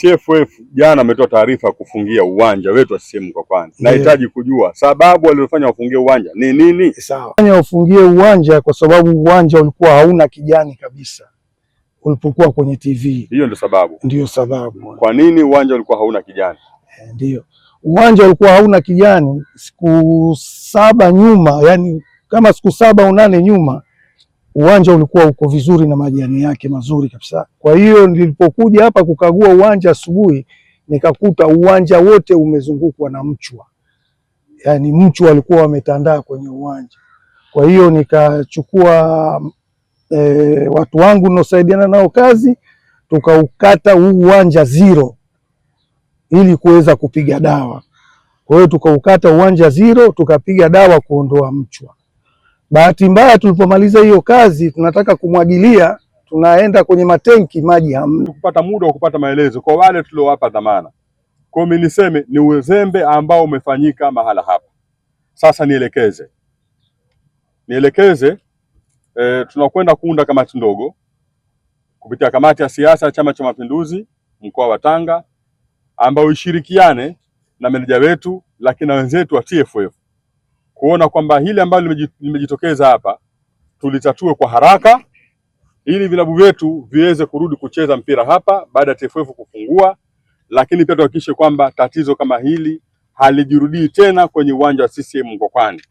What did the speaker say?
TFF jana ametoa taarifa ya kufungia uwanja wetu wa CCM kwanza Nahitaji kujua sababu waliofanya wafungie uwanja ni nini? Sawa. Wafungie uwanja kwa sababu uwanja ulikuwa hauna kijani kabisa ulipokuwa kwenye TV. Hiyo ndio sababu. Ndio sababu. Kwa nini uwanja ulikuwa hauna kijani? Eh, ndio. Uwanja ulikuwa hauna kijani siku saba nyuma, yani kama siku saba au nyuma uwanja ulikuwa uko vizuri na majani yake mazuri kabisa. Kwa hiyo nilipokuja hapa kukagua uwanja asubuhi, nikakuta uwanja wote umezungukwa na mchwa, yaani mchwa alikuwa wametandaa kwenye uwanja. Kwa hiyo nikachukua e, watu wangu naosaidiana nao kazi, tukaukata huu uwanja zero ili kuweza kupiga dawa. Kwa hiyo tukaukata uwanja zero, tukapiga dawa kuondoa mchwa Bahati mbaya tulipomaliza hiyo kazi, tunataka kumwagilia, tunaenda kwenye matenki, maji hamna. Kupata muda wa kupata maelezo kwa wale tuliowapa dhamana. Kwa mimi niseme ni uzembe ambao umefanyika mahala hapa. Sasa nielekeze nielekeze, e, tunakwenda kuunda kamati ndogo kupitia kamati ya siasa ya Chama cha Mapinduzi mkoa wa Tanga ambayo ishirikiane na meneja wetu, lakini na wenzetu wa TFF kuona kwamba hili ambalo limejitokeza hapa tulitatue kwa haraka ili vilabu vyetu viweze kurudi kucheza mpira hapa baada ya TFF kufungua, lakini pia tuhakikishe kwamba tatizo kama hili halijirudii tena kwenye uwanja wa CCM Mkwakwani.